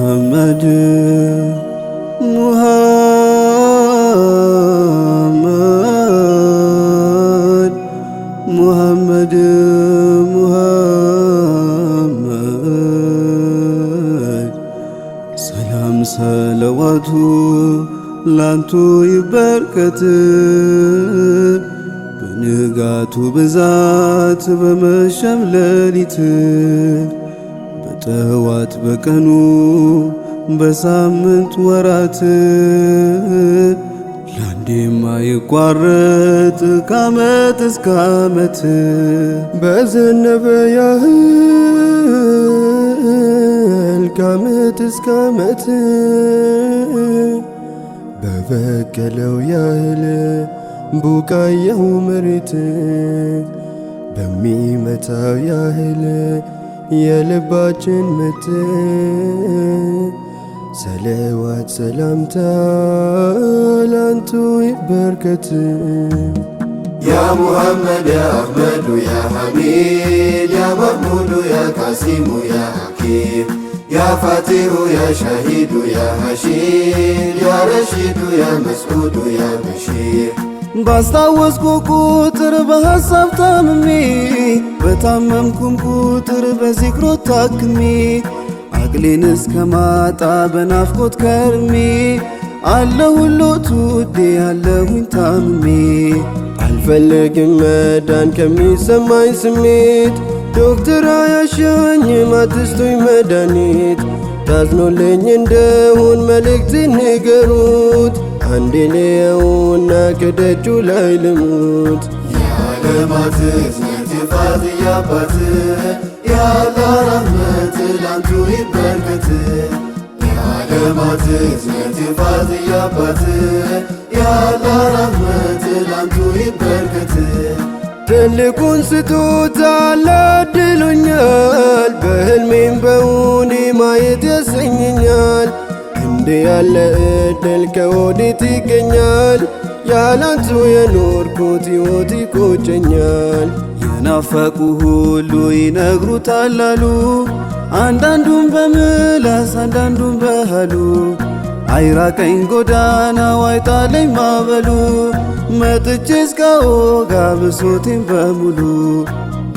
ሙሐመድ ሙሐመድ ሙሐመድ ሙሐመድ ሰላም ሰለዋቱ ላንቱ ይበርከት በንጋቱ ብዛት በመሸም ሌሊት ጥዋት በቀኑ በሳምንት ወራት ለአንዴ የማይቋረጥ ከዓመት እስከ ዓመት በዘነበ ያህል ከዓመት እስከ ዓመት በበቀለው ያህል ቡቃያው መሬት በሚመታው ያህል የልባችን ምት ሰለዋት ሰላምታ ላንቱ ይበርከት ያ ሙሐመድ ያ አሕመዱ ያ ሐሚድ ያ ማሕሙዱ ያ ቃሲሙ ያ ሐኪም ያ ፋቲሁ ያ ሻሂዱ ያ ሐሺድ ያ ረሺዱ ያ መስዑዱ ያ በሺር ባስታወስኩ ቁጥር በሐሳብ ታምሜ በታመምኩም ቁጥር በዚክሮ ታክሜ አቅሌን እስከ ማጣ በናፍቆት ከርሜ አለሁሎት ውዴ አለሁኝ ታምሜ አልፈለግም መዳን ከሚሰማኝ ስሜት ዶክተር አያሻኝ ማትስቶኝ መድኃኒት ታዝኖልኝ እንደሆን መልእክት ንገሩት አንዴ ነውና ከደጁ ላይ ልሙት የዓለማት እዝነት የፋትያ አባት የአላህ ራህመት ላንቱ ይበርከት የዓለማት እዝነት የፋትያ አባት የአላህ ራህመት ላንቱ ይበርከት ትልቁን ስጦታ ላድሎኛል እንዲህ ያለ እድል ከወዴት ይገኛል? ያላንቱ የኖርኩት ሕይወት ይቆጨኛል። የናፈቁ ሁሉ ይነግሩታል አሉ፣ አንዳንዱም በምላስ አንዳንዱም በሃሉ አይራቀኝ ጎዳናው አይጣለኝ ማበሉ መጥቼ እስካወጋ ብሶቴን በሙሉ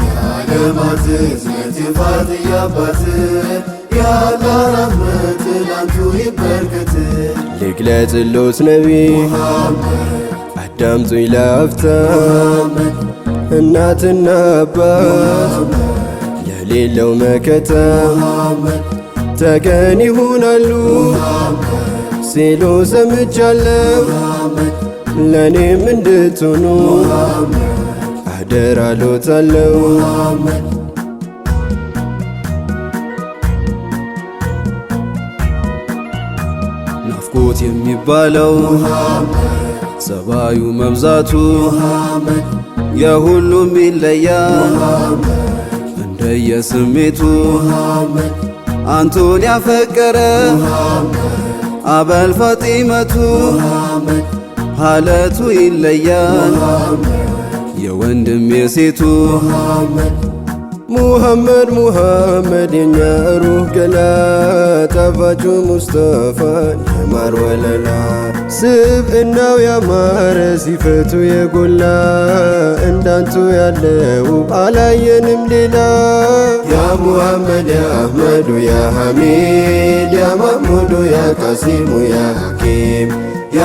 የዓለማት ዝነት የፋት እያባት ያላራመት ላንቱ ነቢ አዳምጡኝ ላፍታ እናትና አባት ለሌለው መከታ ተገን ይሆናሉ ሲሉ ሰምቻለሁ። ለእኔም እንድትሆኑ አደራ ሎታለሁ። ናፍቆት የሚባለው ጸባዩ መብዛቱ የሁሉም ይለያል እንደየስሜቱ አንቱን ያፈቀረ አበል ፋጢመቱ ሀለቱ ይለያል የወንድም የሴቱ ሙሐመድ ሙሐመድ የኛ ሩህ ገላ ጣፋጩ ሙስጠፋን የማር ወለላ ስብእናው ያማረ ሲፈቱ የጎላ እንዳንቱ ያለው አላየንም ሌላ ያ ሙሐመድ ያ አህመዱ ያ ሐሚድ ያ ማሙዱ ያ ቃሲሙ ያ ሐኪም ያ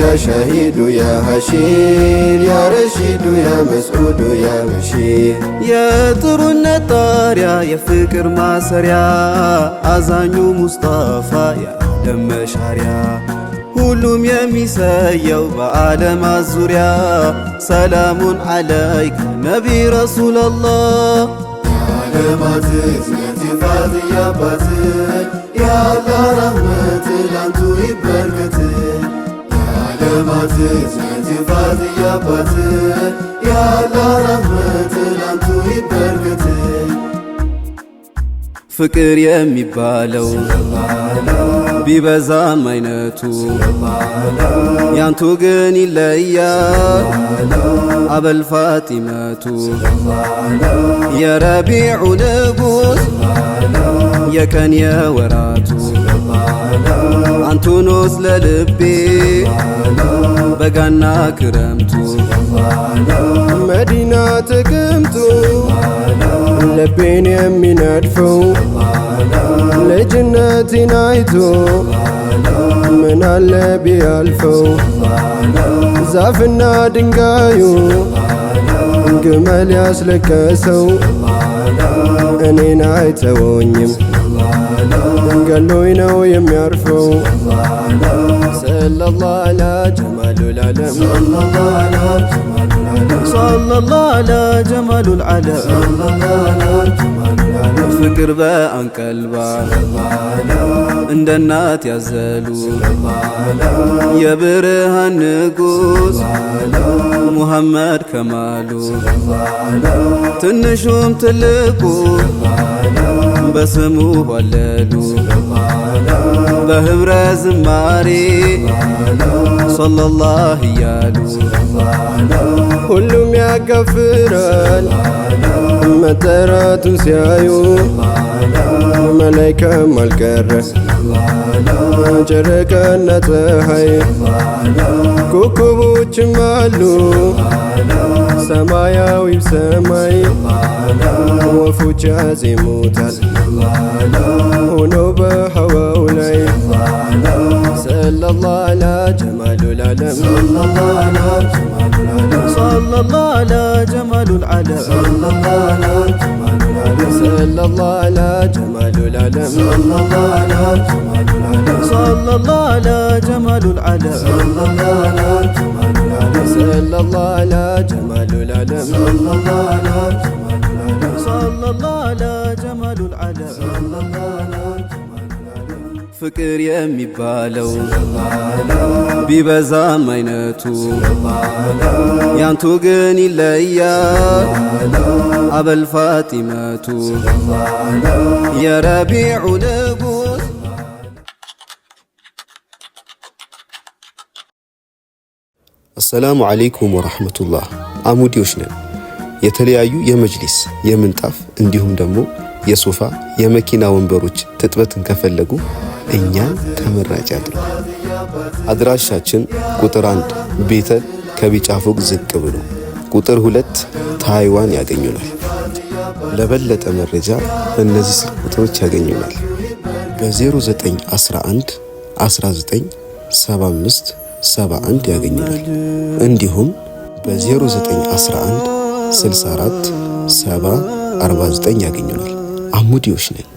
ያሻሂዱ ያ ሻሂዱ ያ ሐሺር የጥሩነት ጣሪያ የፍቅር ማሰሪያ አዛኙ ሙስጣፋ የዓለም መሻሪያ ሁሉም የሚሰየው በዓለማት ዙሪያ ሰላሙን ዓለይከ ነቢ ረሱለላህ የዓለማት እዝነት ያላ ረህመት ላንቱ ይበርክት ልማትን ኢንቲፋት እያባትን ያለ ረህመት ላንቱ ይበርግት ፍቅር የሚባለው ቢበዛም አይነቱ ያንቱ ግን ይለያል አበል ፋጢመቱ የረቢዑ ንጉሥ የቀን የወራቱ አንቱኖስ ለልቤ በጋና ክረምቱ መዲና ጥቅምቱ ልቤን የሚነድፈው ልጅነቴን አይቶ ምን አለ ቢያልፈው ዛፍና ድንጋዩ ግመል ያስለቀሰው እኔን አይተወኝም قالوا ينو يميرفو صلى الله على جمال العلم صلى الله على جمال العلم صلى الله على جمال العلم صلى الله على جمال العلم فكر بأن كلبا እንደ እናት ያዘሉ የብርሃን ንጉሥ ሙሐመድ ከማሉ ትንሹም ትልቁ በስሙ ሆለሉ በህብረ ዝማሬ ሶለላህ እያሉ ሁሉም ያከፍራል መጠራቱን ሲያዩ ሳይቀም አልቀረ ጨረቃና ፀሐይ ኮከቦችም አሉ ሰማያዊ ሰማይ ወፎች ያዜሙታል cemalul alem Sallallahu ala cemalul alem Sallallahu ala cemalul alem Sallallahu ala cemalul alem Sallallahu ala cemalul alem Sallallahu ala cemalul alem Sallallahu ala cemalul alem ፍቅር የሚባለው ቢበዛም አይነቱ ያንቱ ግን ይለያል አበል ፋጢመቱ የረቢዑ ንጉስ አሰላሙ አለይኩም ወረሕመቱላህ አሙዲዎች ነን የተለያዩ የመጅሊስ የምንጣፍ እንዲሁም ደግሞ የሶፋ የመኪና ወንበሮች ትጥበትን ከፈለጉ እኛን ተመራጭ ያድርጉ። አድራሻችን ቁጥር አንድ ቤተል ከቢጫ ፎቅ ዝቅ ብሎ፣ ቁጥር ሁለት ታይዋን ያገኙናል። ለበለጠ መረጃ እነዚህ ስልክ ቁጥሮች ያገኙናል በ0911 19 75 71 ያገኙናል። እንዲሁም በ0911 64 70 49 ያገኙናል። አሙዲዎች ነን።